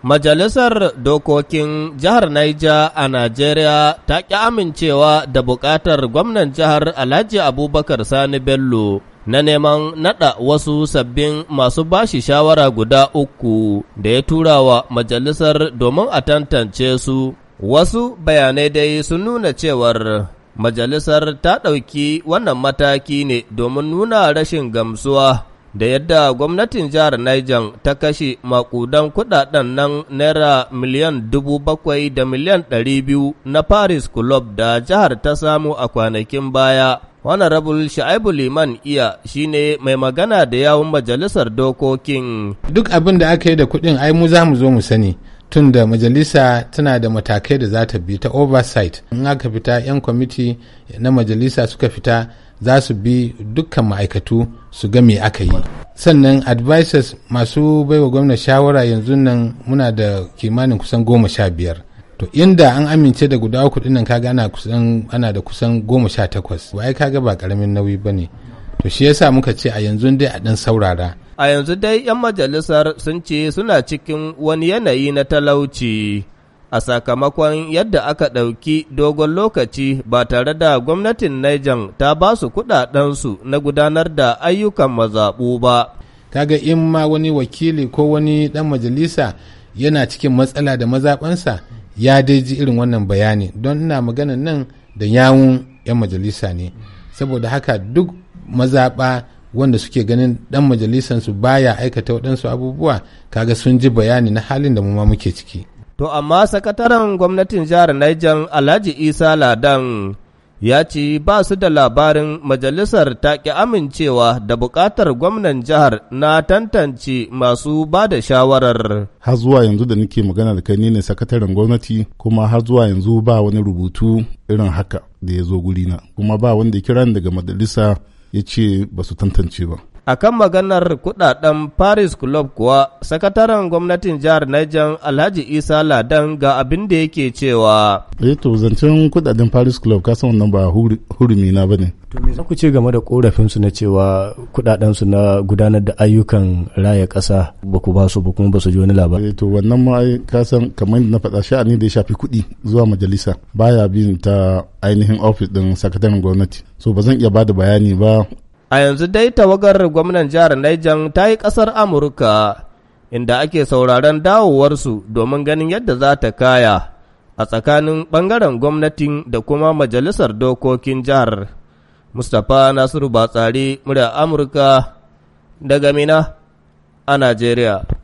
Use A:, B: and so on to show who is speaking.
A: Majalisar Dokokin Jihar Naija a Najeriya ta ƙi amincewa da buƙatar gwamnan jihar Alhaji Abubakar Sani Bello na neman naɗa wasu sabbin masu bashi shawara guda uku da ya tura wa majalisar domin a tantance su. Wasu bayanai dai sun nuna cewar majalisar ta ɗauki wannan mataki ne domin nuna rashin gamsuwa da yadda gwamnatin jihar Niger ta kashe makudan kudaden nan naira miliyan dubu bakwai da miliyan ɗari biyu na Paris Club da jihar ta samu a kwanakin baya. Honorable Sha'ibu Liman Iya shine mai magana da yawun majalisar dokokin.
B: Duk abin da aka yi da kuɗin ai mu za mu zo mu sani. tun da majalisa tana da matakai da za ta bi ta oversight in aka fita 'yan kwamiti na majalisa suka fita za su bi dukkan ma'aikatu su ga me aka yi sannan advisors masu baiwa gwamna shawara yanzu nan muna da kimanin kusan goma sha biyar to inda an amince da guda uku dinnan kaga ana kusan ana da kusan goma sha takwas ba ai kaga ba karamin nauyi bane to shi yasa muka ce a yanzu dai a dan saurara
A: a yanzu dai yan majalisar sun ce suna cikin wani yanayi na talauci a sakamakon yadda aka ɗauki dogon lokaci ba tare da gwamnatin Niger ta ba su kuɗaɗensu na gudanar da ayyukan mazaɓu ba. Kaga in ma wani wakili ko wani ɗan majalisa
B: yana cikin matsala da mazaɓansa ya dai ji irin wannan bayani don ina magana nan da yawun 'yan majalisa ne. Saboda haka duk mazaɓa wanda suke ganin ɗan majalisansu baya aikata waɗansu abubuwa kaga sun ji bayani na halin da mu ma muke ciki
A: To amma sakataren gwamnatin jihar Niger Alhaji Isa Ladan ya ce ba su da labarin majalisar ta ki amincewa da buƙatar gwamnan jihar na tantance masu ba da shawarar. Har
C: zuwa yanzu da nake magana da kai ne sakataren gwamnati kuma har zuwa yanzu ba wani rubutu irin haka da ya zo gurina kuma ba wanda kiran daga majalisa ya ce ba su tantance
A: ba. A kan maganar kudaden Paris Club kuwa, sakataren gwamnatin jihar Niger Alhaji Isa Ladan ga abin da yake cewa.
C: Eh to zancen kudaden Paris Club kasan wannan ba hurumi na bane. To me za ku ce game da su na cewa su na gudanar da ayyukan raya kasa ba ku ba su ba kuma ba su ji wani labari. Eh to wannan ma kasan kamar na faɗa sha'ani da ya shafi kuɗi zuwa majalisa baya bin ta ainihin ofis ɗin sakataren gwamnati. So ba zan iya bada bayani ba
A: A yanzu dai tawagar gwamnan jihar Niger ta yi ƙasar Amurka, inda ake sauraron dawowarsu domin ganin yadda za ta kaya a tsakanin ɓangaren gwamnatin da kuma majalisar dokokin jihar. Mustapha Nasiru Batsari, murya Amurka, daga Mina a Najeriya.